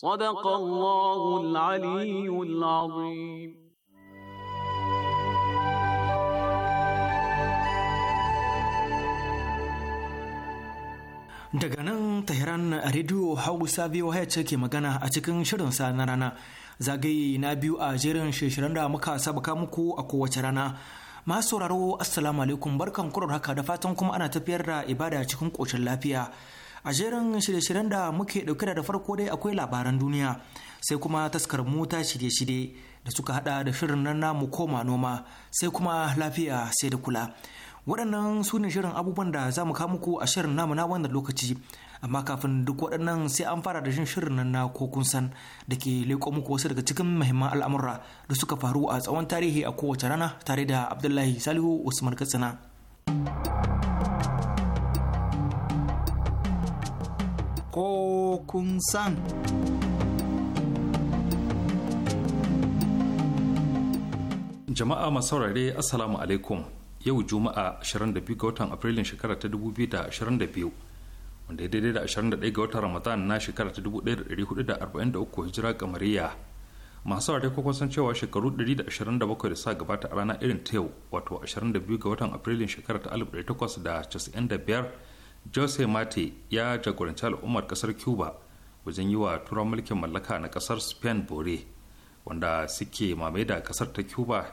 صدق الله العلي العظيم Daga nan Tehran Radio Hausa VOH ce ke magana a cikin shirin sa na rana zagaye na biyu a jerin shirin da muka sabaka muku a kowace rana. Masu sauraro Assalamu alaikum barkan kurar haka da fatan kuma ana tafiyar da ibada cikin ƙoshin lafiya. a jerin shirye-shiryen da muke dauke da farko dai akwai labaran duniya sai kuma taskar mota shirye-shirye da suka hada da shirin nan namu koma noma sai kuma lafiya sai da kula waɗannan su ne shirin abubuwan da za mu muku a shirin namu na wannan lokaci amma kafin duk waɗannan sai an fara da shirin nan na ko kun san da ke leƙo muku wasu daga cikin muhimman al'amura da suka faru a tsawon tarihi a kowace rana tare da abdullahi salihu usman katsina ko kun san. Jama'a masu saurare Assalamu alaikum yau Juma'a 22 ga watan Afrilun shekara ta 2022 wanda ya daidai da 21 ga watan Ramadan na shekara ta 1443 hijira kamariya. Masu saurare ko san cewa shekaru 127 da sa gabata a rana irin ta yau wato 22 ga watan Afrilun shekara ta 1895 jose mate ya jagoranci al'ummar kasar cuba wajen yi wa turan mulkin mallaka na kasar spain bore wanda suke mamaye da kasar ta cuba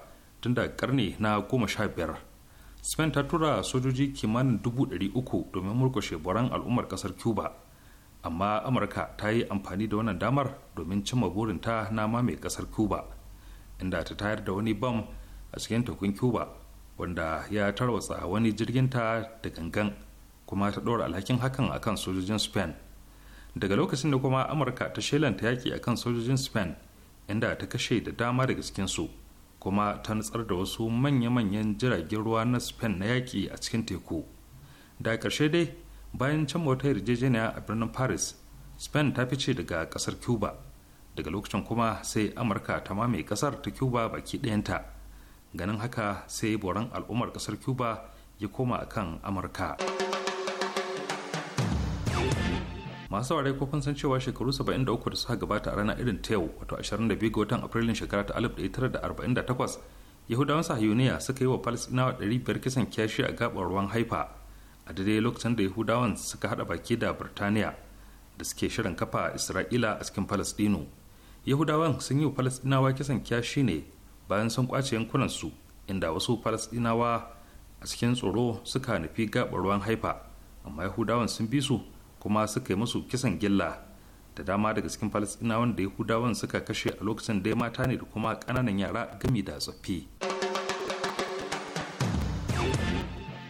tun da karni na goma sha biyar spain ta tura sojoji kimanin dubu ɗari uku domin murkushe boran al'ummar kasar cuba amma amurka ta yi amfani da wannan damar domin cimma burinta na mame kasar cuba inda ta tayar da wani bam a cikin tekun cuba wanda ya tarwatsa wani jirginta da gangan kuma ta ɗora alhakin hakan akan sojojin spain daga lokacin da kuma amurka ta shelanta yaƙi akan sojojin spain inda ta kashe da dama daga cikinsu kuma ta nutsar da wasu manya-manyan jiragen ruwa na spain na yaƙi a cikin teku da ƙarshe dai bayan can wata yarjejeniya a birnin paris spain ta fice daga ƙasar cuba daga lokacin kuma sai amurka ta mamaye ƙasar ta cuba baki ɗayanta ganin haka sai boran al'ummar ƙasar cuba ya koma akan amurka. amurka masu saurare ko kun san cewa shekaru 73 da suka gabata a ranar irin ta yau wato 22 ga watan afrilun shekara ta 1948 yahudawan sahiyoniya suka yi wa palestinawa 500 kisan kyashi a gabar ruwan haifa a daidai lokacin da yahudawan suka hada baki da birtaniya da suke shirin kafa isra'ila a cikin palestino yahudawan sun yi wa palestinawa kisan kyashi ne bayan sun kwace yankunan su inda wasu palestinawa a cikin tsoro suka nufi gabar ruwan haifa amma yahudawan sun bi su kuma suka yi musu kisan gilla da dama daga cikin falasɗinawan da yahudawan suka kashe a lokacin dai mata ne da kuma kananan yara gami da tsoffi.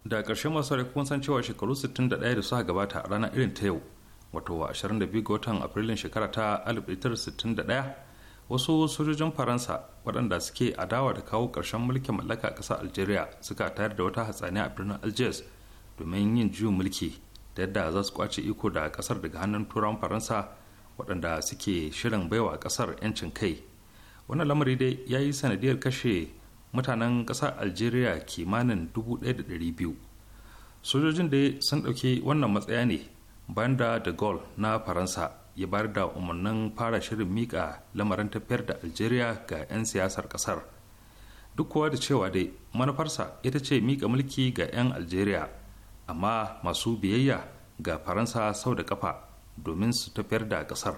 da ƙarshe masu rai kun san cewa shekaru 61 da suka gabata a ranar irin ta yau wato 22 ga watan afrilun shekara ta 1961 wasu sojojin faransa waɗanda suke adawa da kawo ƙarshen mulkin mallaka a ƙasar algeria suka tayar da wata hatsaniya a birnin algiers domin yin juyin mulki ta yadda za su kwace iko da kasar daga hannun turawan faransa waɗanda suke shirin baiwa kasar 'yancin kai wannan lamari dai ya yi sanadiyar kashe mutanen ƙasar algeria kimanin 1,200 sojojin dai sun ɗauki wannan matsaya ne bayan da de gaulle na faransa ya bayar da umarnin fara shirin miƙa lamarin tafiyar da algeria ga 'yan siyasar ƙasar duk kowa da cewa dai manufarsa ita ce miƙa mulki ga 'yan algeria amma masu biyayya ga faransa sau da kafa domin su tafiyar da kasar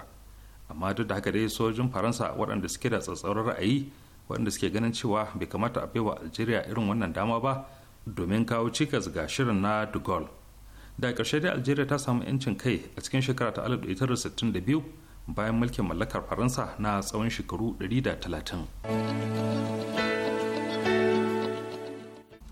amma duk da haka dai sojin faransa waɗanda suke da tsatsauran ra'ayi waɗanda suke ganin cewa bai kamata a baiwa algeria irin wannan dama ba domin kawo cikas ga shirin na de gaulle da ƙarshe dai algeria ta samu 'yancin kai a cikin shekara ta 1962 bayan mulkin mallakar faransa na tsawon shekaru 130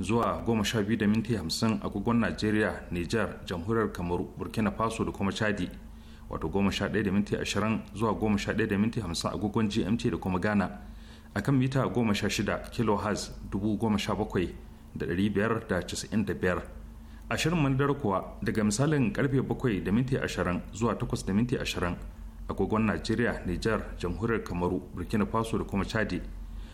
zuwa goma sha biyu da agogon najeriya niger jamhuriyar kamaru burkina faso da kuma chadi wato goma sha ɗaya da zuwa goma sha ɗaya da minti hamsin agogon gmt da kuma ghana Akan mita goma sha shida kilohertz dubu goma sha bakwai biyar da da biyar ashirin Mandar kuwa daga misalin karfe bakwai da minti ashirin zuwa takwas da agogon najeriya niger jamhuriyar kamaru burkina faso da kuma chadi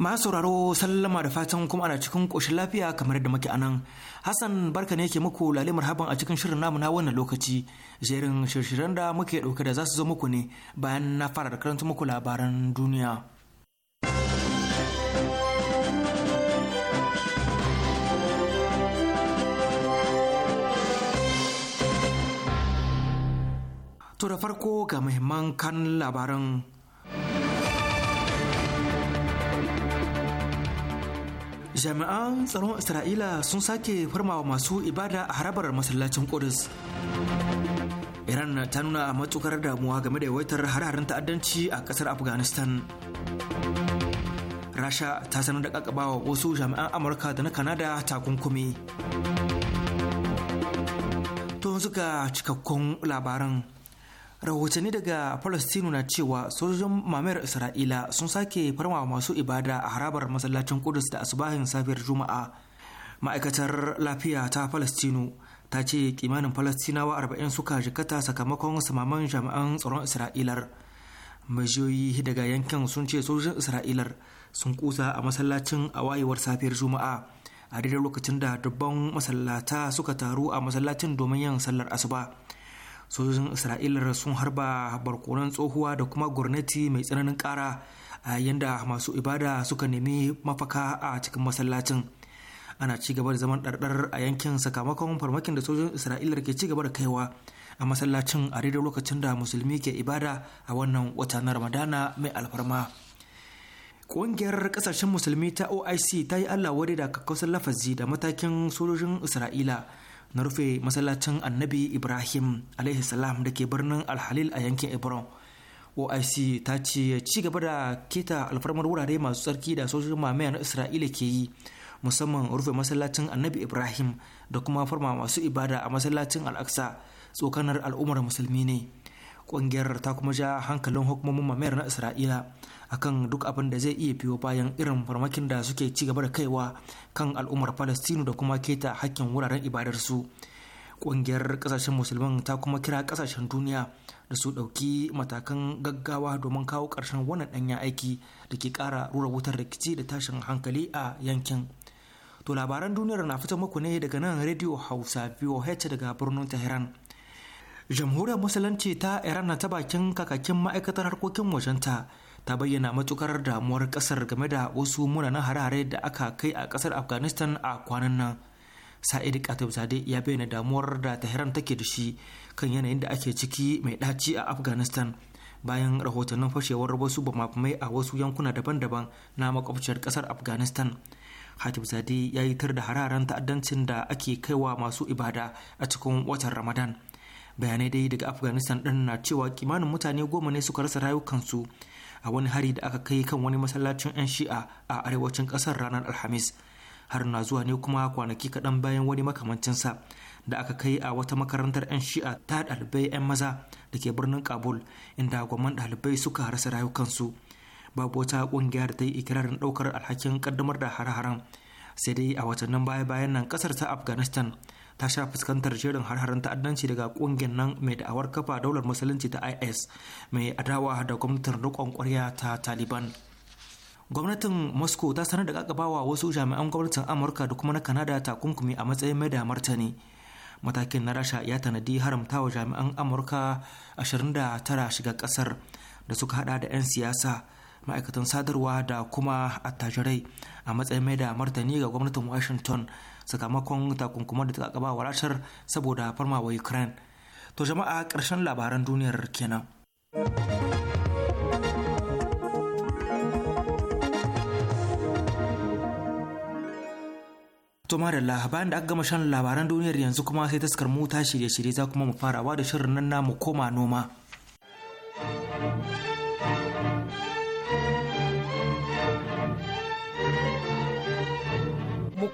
ma sauraro sallama da fatan kuma ana cikin ƙoshin lafiya kamar da muke anan hassan barka ne ke muku lalle marhaban a cikin shirin namu na wannan lokaci jerin shirshiren da muke ɗauke da za su zo muku ne bayan na fara da karanta muku labaran duniya To da farko ga muhimman kan labaran jami'an tsaron isra'ila sun sake farmawa masu ibada a harabar masallacin kudus iran ta nuna matukar damuwa game da yawaitar hararen ta'addanci a kasar afghanistan rasha ta sanar da kakabawa wasu jami'an amurka da na kanada takunkumi to suka cikakkun labaran rahotanni daga palestino na cewa sojojin mamayar isra'ila sun sake farma masu ibada a harabar masallacin kudus da asubahin safiyar juma'a ma'aikatar lafiya ta palestino ta ce kimanin palestinawa arba'in suka jikata sakamakon samaman jami'an tsaron isra'ilar majiyoyi daga yankin sun ce sojojin isra'ilar sun kusa a masallacin a wayewar safiyar juma'a a daidai lokacin da dubban masallata suka taru a masallacin domin yin sallar asuba sojojin isra'ila sun harba barkonan tsohuwa da kuma gwamnati mai tsananin kara a yayin da masu ibada suka nemi mafaka a cikin masallacin ana ci gaba da zaman ɗarɗar a yankin sakamakon farmakin da sojojin isra'ila ke ci gaba da kaiwa a masallacin a daidai lokacin da musulmi ke ibada a wannan wata na ramadana mai alfarma Ƙungiyar ƙasashen musulmi ta OIC ta yi Allah wadai da kakkausar lafazi da matakin sojojin Isra'ila na rufe masallacin annabi ibrahim salam da ke birnin alhalil a yankin hebron oic ta ce ci gaba da keta alfarmar wurare masu tsarki da sojojin mamaya na isra'ila ke yi musamman rufe masallacin annabi ibrahim da kuma farma masu ibada a masallacin al'aksa tsokanar al'ummar musulmi ne kungiyar ta kuma ja hankalin hukumomin mamayar na isra'ila akan duk abin da zai iya biyo bayan irin farmakin da suke ci gaba da kaiwa kan al'ummar palestinu da kuma keta hakkin wuraren ibadarsu kungiyar kasashen musulman ta kuma kira kasashen duniya da su ɗauki matakan gaggawa domin kawo ƙarshen wannan ɗanyen aiki da ke ƙara rura wutar rikici da tashin hankali a yankin to labaran duniyar na fita muku ne daga nan radio hausa voh daga birnin tehran jamhuriyar musulunci ta iran na ta bakin kakakin ma'aikatar harkokin wajenta ta bayyana matukar damuwar kasar game da wasu munanan hare-hare da aka kai a kasar afghanistan a kwanan nan sa'id katibzade ya bayyana damuwar da tehran take da shi kan yanayin da ake ciki mai ɗaci a afghanistan bayan rahotannin fashewar wasu bamabamai a wasu yankuna daban-daban na makwabciyar kasar afghanistan hatib zade ya yi tar da hararen ta'addancin da ake kaiwa masu ibada a cikin watan ramadan bayanai dai daga afghanistan ɗin na cewa kimanin mutane goma ne suka rasa rayukansu a wani hari da aka kai kan wani masallacin 'yan shi'a a arewacin ƙasar ranar alhamis har na zuwa ne kuma kwanaki kaɗan bayan wani makamancinsa da aka kai a wata makarantar 'yan shi'a ta ɗalibai 'yan maza da ke birnin kabul inda gwamnan ɗalibai suka rasa rayukansu babu wata ƙungiya da ta yi ikirarin ɗaukar alhakin ƙaddamar da hare-haren sai dai a watannin baya-bayan nan ƙasar ta afghanistan ta sha fuskantar jerin har-haren ta'addanci daga kungiyar nan mai da'awar kafa daular musulunci ta is mai adawa da gwamnatin rikon kwarya ta taliban gwamnatin moscow ta sanar da kakabawa wasu jami'an gwamnatin amurka da kuma na kanada takunkumi a matsayin mai da martani matakin na rasha ya tanadi haramta wa jami'an amurka 29 shiga kasar da suka hada da 'yan siyasa ma'aikatan sadarwa da kuma attajirai a matsayin mai da martani ga gwamnatin washington sakamakon takunkumar da ta kakaba wa saboda farma wa ukraine to jama'a ƙarshen labaran duniyar kenan To madalla bayan da aka gama shan labaran duniyar yanzu kuma sai taskar mu ta shirye-shirye za kuma mu farawa da shirin nan namu koma noma.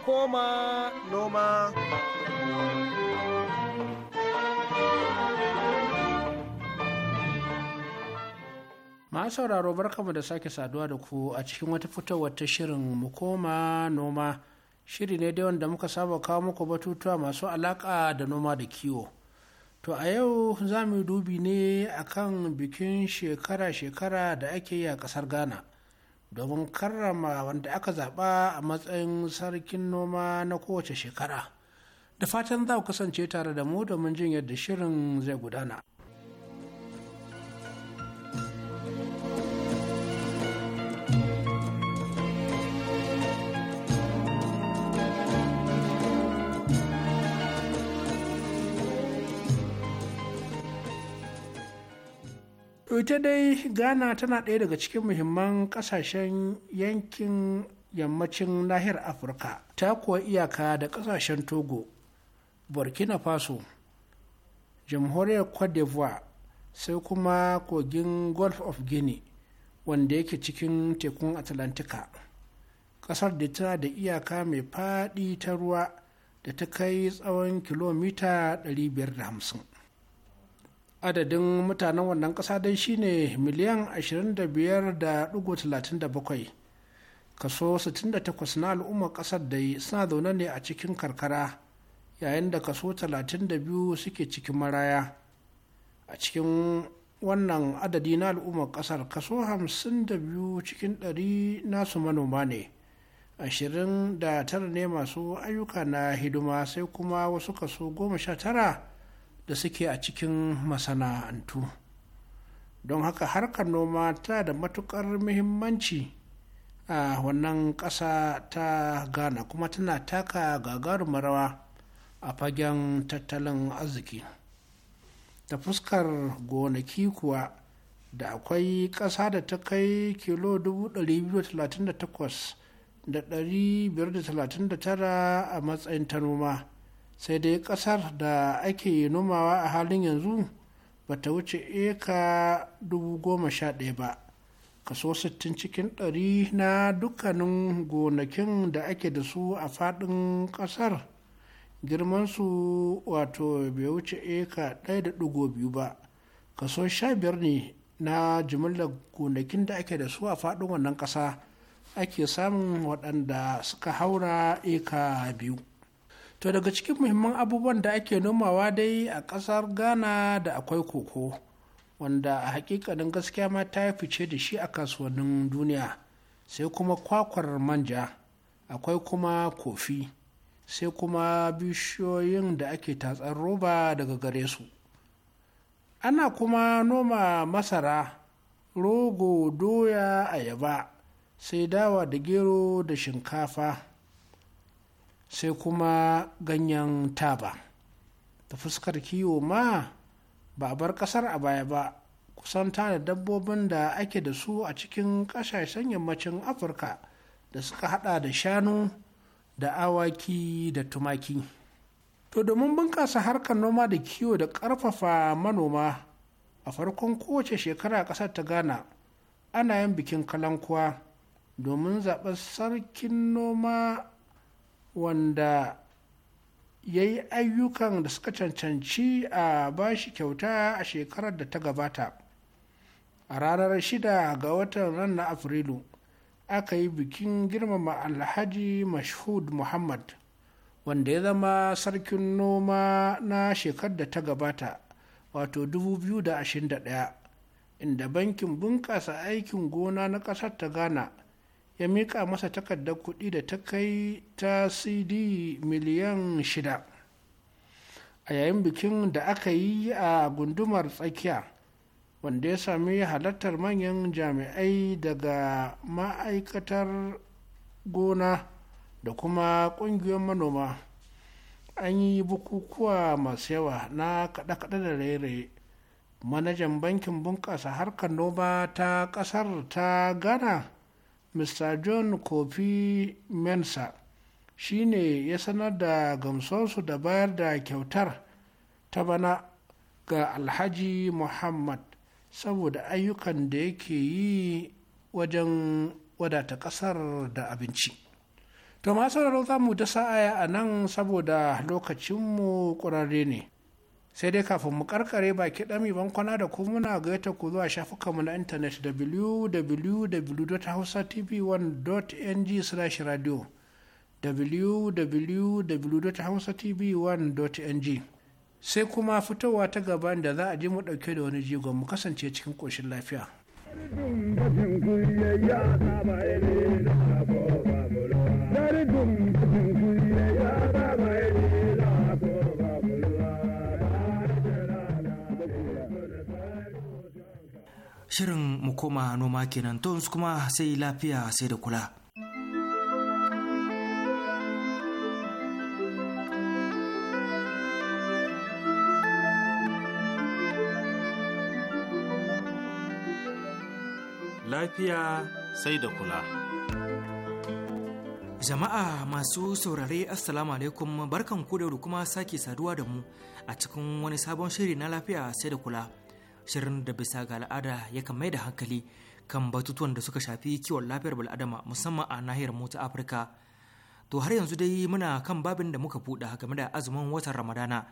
koma noma. masu sauraro barkamu da sake saduwa da ku a cikin wata fitowar ta shirin mu koma noma shiri ne dai wanda muka saba kawo muku batutuwa masu alaka da noma da kiwo to a yau za mu dubi ne akan bikin shekara-shekara da ake yi a kasar ghana domin karrama wanda aka zaɓa a matsayin sarkin noma na kowace shekara da fatan za ku kasance tare da mu domin jin yadda shirin zai gudana to ita dai ghana tana ɗaya daga cikin muhimman ƙasashen yankin yammacin nahiyar afirka ta kuwa iyaka da ƙasashen togo burkina faso jamhuriyar cote d'ivoire sai kuma kogin gulf of guinea wanda yake cikin tekun atlantika ƙasar da tana da iyaka mai faɗi ta ruwa da ta kai tsawon kilomita 550 adadin mutanen wannan ƙasa dai shine miliyan 25.37 kaso 68 na al'ummar ƙasar yi suna zaune ne a cikin karkara yayin da kaso 32 suke cikin maraya a cikin wannan adadi na al'ummar ƙasar kaso 52 cikin 100 nasu manoma ne 29 ne masu ayyuka na hidima sai kuma wasu kaso 19 da suke a cikin masana'antu don haka harkar noma ta da matukar muhimmanci a wannan ƙasa ta ghana kuma tana taka gagarumar rawa a fagen tattalin arziki ta fuskar gonaki kuwa da akwai ƙasa da ta kai kilo 238,539 a matsayin ta noma sai dai kasar da ake nomawa a halin yanzu ba ta wuce eka dubu goma sha ɗaya ba kaso 60 cikin ɗari na dukkanin gonakin da ake da su a faɗin ƙasar girmansu wato bai wuce eka ɗaya da dugo biyu ba kaso sha biyar ne na jimillar gonakin da ake da su a faɗin wannan ƙasa ake samun waɗanda suka haura eka biyu to daga cikin muhimman abubuwan da ake nomawa dai a ƙasar ghana da akwai koko wanda a hakikanin gaskiya ma ta fice da shi a kasuwannin duniya sai kuma kwakwar manja akwai kuma kofi sai kuma bishiyoyin da ake tatsar roba daga gare su ana kuma noma masara rogo doya ayaba sai dawa da gero da shinkafa sai kuma ganyen taba da fuskar kiwo ma ba a bar kasar a baya ba kusan tana dabbobin da ake da su a cikin kasashen yammacin afirka da suka hada da shanu da awaki da tumaki to domin bunkasa harkar noma da kiwo da karfafa manoma a farkon kowace shekara kasar ta ghana ana yin bikin kalankuwa domin zaɓen sarkin noma wanda ya yi ayyukan da suka cancanci a bashi kyauta a shekarar da ta gabata a ranar 6 ga watan nan na afrilu aka yi bikin girmama alhaji mashhud muhammad wanda ya zama sarkin noma na shekarar da ta gabata wato 2021 inda bankin bunƙasa aikin gona na ƙasar ta ghana ya miƙa masa takardar kuɗi da ta kai ta cd miliyan shida a yayin bikin da aka yi a gundumar tsakiya wanda ya sami halartar manyan jami'ai daga ma'aikatar gona da kuma ƙungiyar manoma an yi bukukuwa masu yawa na kaɗe-kaɗe da raye-raye manajan bankin bunƙasa harkar noma ta ƙasar ta ghana mr john kofi mensa shi ne ya sanar da gamsonsu da bayar da kyautar ta bana ga alhaji muhammad saboda ayyukan da yake yi wajen wadata kasar da abinci to masu za mu da sa'aya a nan saboda lokacinmu ƙurare ne sai dai kafin mu karkare baki dami bankwana da ku muna gayyata ku zuwa shafukanmu na intanet www.hausatv1.ng/radio www.hausatv1.ng sai kuma fitowa ta gaban da za a ji mu dauke da wani jigon mu kasance cikin koshin lafiya. Shirin mu koma noma kenan to su kuma sai lafiya sai da kula. Lafiya sai da kula. Jama'a masu saurare Assalamu alaikum barkan ku da kuma sake saduwa da mu a cikin wani sabon shiri na lafiya sai da kula. shirin da bisa ga al'ada yakan mai da hankali kan batutuwan da suka shafi kiwon lafiyar bal'adama musamman a nahiyar mu ta afirka to har yanzu dai muna kan babin da muka buɗa game da azumin watan ramadana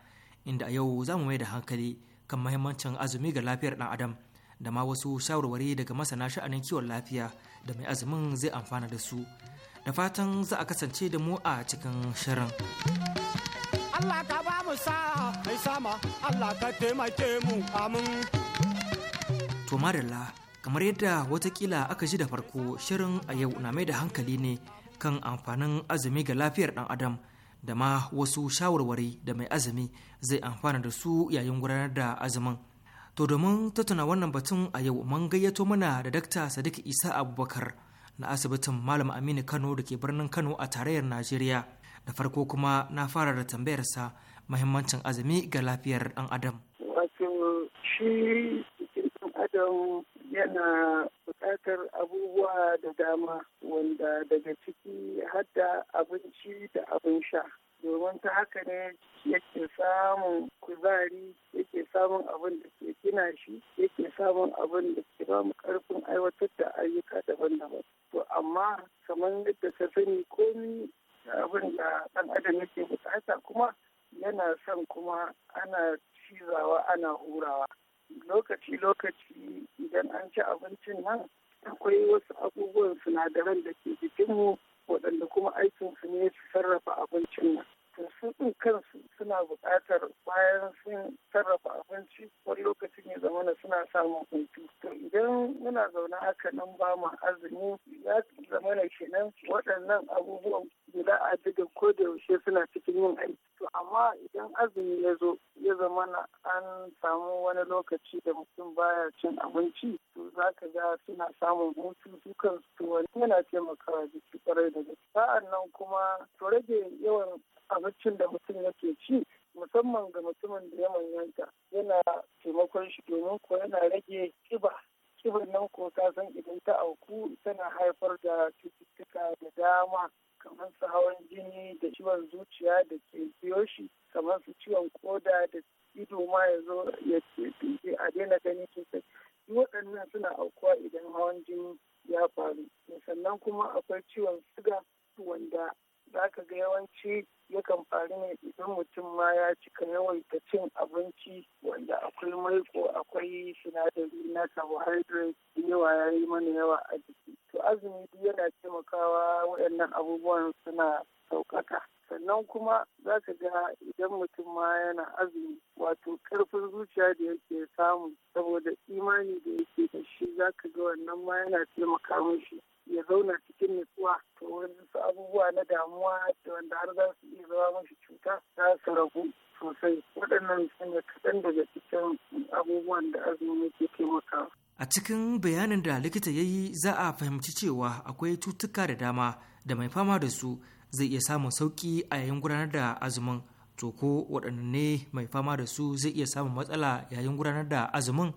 inda a yau za mu mai da hankali kan mahimmancin azumi ga lafiyar ɗan adam da ma wasu shawarwari daga masana sha'anin kiwon lafiya da mai azumin zai amfana da su da fatan za a kasance da mu a cikin shirin Allah ka ba mu sa mai sama Allah ka taimake mu amin To madalla, kamar yadda watakila aka ji da farko shirin a yau na mai da hankali ne kan amfanin azumi ga lafiyar ɗan adam da ma wasu shawarwari da mai azumi zai amfana da su yayin gudanar da azumin. To domin tattuna wannan batun a yau mun gayyato mana da Dakta Sadiq Isa Abubakar na asibitin Malam Aminu Kano da ke birnin Kano a tarayyar Najeriya. Da farko kuma na fara da tambayarsa muhimmancin azumi ga lafiyar dan adam. shi don yana buƙatar abubuwa da dama wanda daga ciki hadda abinci da abin sha domin ta haka ne yake samun kuzari yake samun abin da ke gina shi yake samun abin da ke ba mu karfin aiwatar da ayyuka daban-daban to amma kamar yadda ta sani komi abin da ɗan adam yake buƙata kuma yana son kuma ana cizawa ana hurawa lokaci-lokaci idan an ci abincin nan akwai wasu abubuwan sinadaran da ke jikinmu waɗanda kuma aikinsu ne su sarrafa abincin nan. su ɗin kansu suna buƙatar bayan sun sarrafa abinci wani lokacin ya zamana suna samun hutu. To idan muna zaune haka nan ba mu azumi ya zamana kenan waɗannan abubuwan guda a ko da yaushe suna cikin yin aiki. amma idan azumi ya zo ya zama na an samu wani lokaci da mutum baya cin abinci to za ka ga suna samun hutu su kansu wani yana taimakawa jiki kwarai da gaske sa'an nan kuma to rage yawan abincin da mutum yake ci musamman ga mutumin da ya manyanta yana taimakon shi domin ko yana rage kiba kibar nan ko ta san idan ta auku tana haifar da cututtuka da dama kamar su hawan jini da ciwon zuciya da ke biyo shi kamar su ciwon koda da ido ma ya zo ya a daina gani sosai duk waɗannan suna aukuwa idan hawan jini ya faru sannan kuma akwai ciwon suga wanda za ka ga yawanci yakan faru ne idan mutum ma ya cika yawaita cin abinci wanda akwai maiko akwai sinadari na carbohydrate yawa ya yi mana yawa a jiki to azumi duk yana taimakawa waɗannan abubuwan suna sauƙaƙa sannan kuma za ka ga idan mutum ma yana azumi wato karfin zuciya da yake samu saboda imani da yake da shi za ka ga wannan ma yana taimaka mishi ya zauna cikin nutsuwa to wani su abubuwa na damuwa da wanda har za su iya zama mashi cuta za su ragu sosai waɗannan sun kaɗan daga cikin abubuwan da azumi yake taimakawa. a cikin bayanin da likita ya yi za a fahimci cewa akwai cutuka da dama da mai fama da su zai iya samun sauƙi a yayin gudanar da azumin to ko waɗanne mai fama da su zai iya samun matsala yayin gudanar da azumin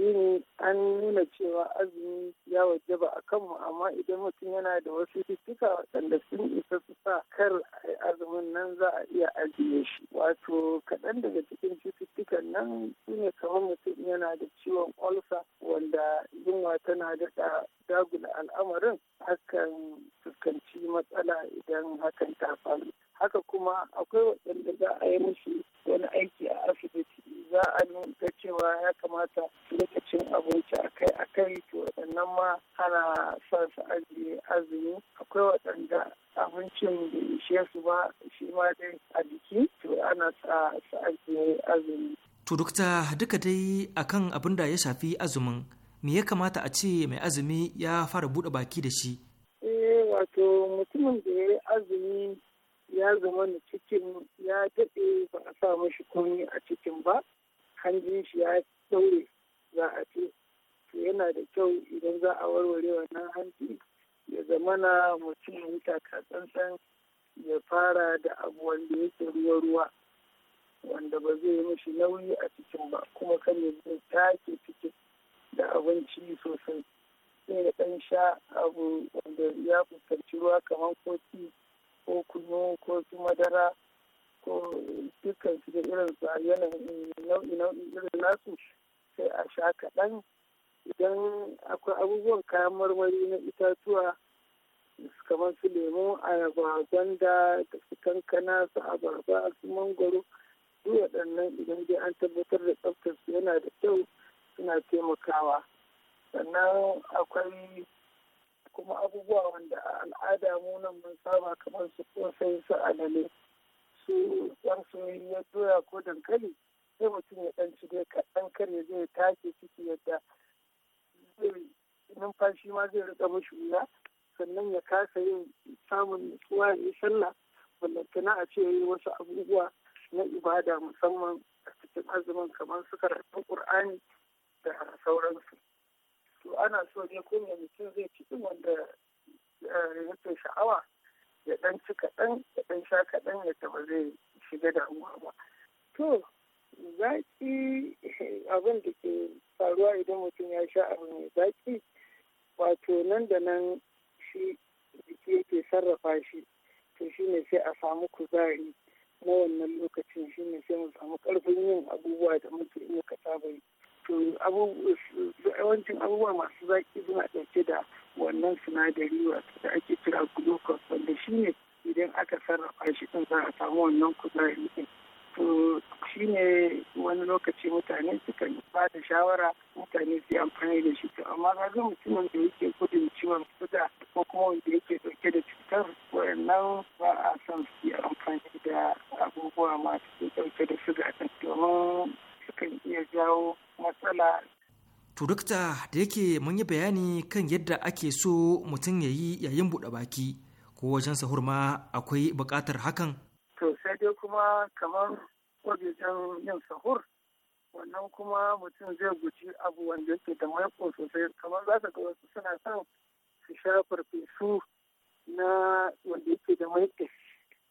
addini an nuna cewa azumi ya wajaba a kanmu amma idan mutum yana da wasu fitika waɗanda sun isa su sa kar azumin nan za a iya ajiye shi wato kaɗan daga cikin cututtukan nan su ne kamar mutum yana da ciwon olsa wanda yunwa tana daɗa dagula al'amarin hakan fuskanci matsala idan hakan ta faru haka kuma akwai waɗanda za a yi musu wani aiki a asibiti za a ga cewa ya kamata lokacin a abinci akai akai to waɗannan ma ana sa su ajiye azumi akwai waɗanda abincin da ishe su ba shi ma dai a jiki to ana sa su ajiye azumi. To dukta duka dai akan abin da ya shafi azumin me ya kamata a ce mai azumi ya fara buɗe baki da shi? Eh wato mutumin da ya azumi ya zama na cikin ya daɗe ba a sa mashi komi a cikin ba hanjin shi ya daure za a ce to yana da kyau idan za a warware wannan hanji ya zama na mutum ya yi tsantsan ya fara da abu wanda yake ruwa-ruwa wanda ba zai yi mishi nauyi a cikin ba kuma kan ya zai take cikin da abinci sosai sai da ɗan sha abu wanda ya fuskanci ruwa kamar kofi ko kunu ko su madara ko dukkan su da irin su yanayin nau'i nau'i irin nasu sai a sha kaɗan idan akwai abubuwan kayan marmari na itatuwa kamar su lemu ayaba gwanda da su kankana su abarba su mangoro, duk waɗannan idan dai an tabbatar da tsaftar su yana da kyau suna taimakawa sannan akwai kuma abubuwa wanda al'ada mu nan mun saba kamar su kosai su alale yake yan soyayya doya ko dankali sai mutum ya dan ci dai kaɗan kar ya zai take ciki yadda zai numfashi ma zai rika mashi wuya sannan ya kasa yin samun nutsuwa ya yi sallah ballantana a ce ya yi wasu abubuwa na ibada musamman a cikin azumin kamar su karatun qurani da sauransu to ana so ne ko mutum zai ci wanda ya eh, yake sha'awa ya dan ci kaɗan ya dan sha kaɗan ya ba zai shiga damuwa ba to zaƙi abin da ke faruwa idan mutum ya sha abu mai zaƙi wato nan da nan shi jiki yake sarrafa shi to shi ne sai a samu kuzari na wannan lokacin shi ne sai mu samu ƙarfin yin abubuwa da muke iya kasa bai to yawancin abubuwa masu zaƙi suna ɗauke da wannan sinadari da ake kira glucose wanda shi ne idan aka sarrafa shi ɗin za a samu wannan kuzari ɗin to shi ne wani lokaci mutane suka ba da shawara mutane su yi amfani da shi to amma ga mutumin da yake gudun ciwon suga ko kuma wanda yake dauke da cutar wayannan ba a son su yi amfani da abubuwa masu dauke da suga domin sukan iya jawo matsala To dukta da yake mun yi bayani kan yadda ake so mutum ya yi yayin buɗe baki ko wajen sahur akwai buƙatar hakan? To sai dai kuma kamar wajen yin sahur wannan kuma mutum zai guji abu wanda yake da maiko sosai kamar za ka ga wasu suna son su sha farfesu na wanda yake da maiko.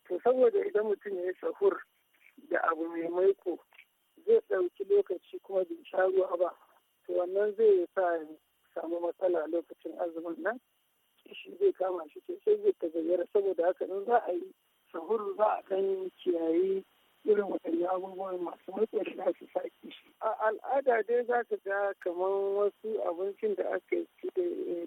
To saboda idan mutum ya yi sahur da abu mai maiko zai ɗauki lokaci kuma bai sha ruwa ba. wannan zai sa samu matsala lokacin azumin nan shi zai kama shi sai zai tagayyara saboda haka in za a yi sahur za a kan kiyayi irin waɗanne abubuwan masu matsayi za su saki kishi a al'ada dai za ka ga kamar wasu abincin da aka yi da eh,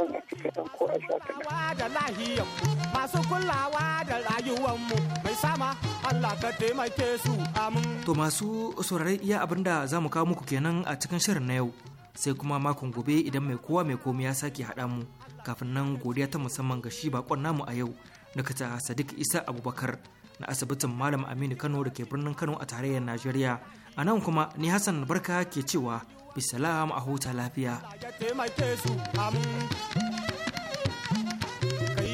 son a Masu kulawa da rayuwanmu mai sama Allah ka taimake su amin. To masu saurari iya abin da za mu kawo muku kenan a cikin shirin na yau. Sai kuma makon gobe idan mai kowa mai komi ya sake haɗa mu kafin nan godiya ta musamman ga shi bakon namu a yau na kata Sadiq Isa Abubakar na asibitin Malam Aminu Kano da ke birnin Kano a tarayyar Najeriya. A nan kuma ni Hassan Barka ke cewa bisalam a huta lafiya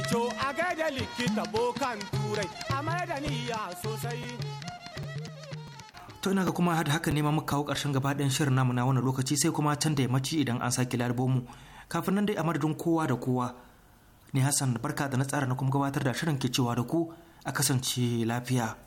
to likita bokan turai sosai to ina ga kuma hada haka nema muka kawo karshen gaba ɗayan shirin namu na wani lokaci sai kuma can da yammaci idan an sake larbo mu kafin nan dai a madadin kowa da kowa ne hassan barka da na tsara na kuma gabatar da shirin ke cewa da ku a kasance lafiya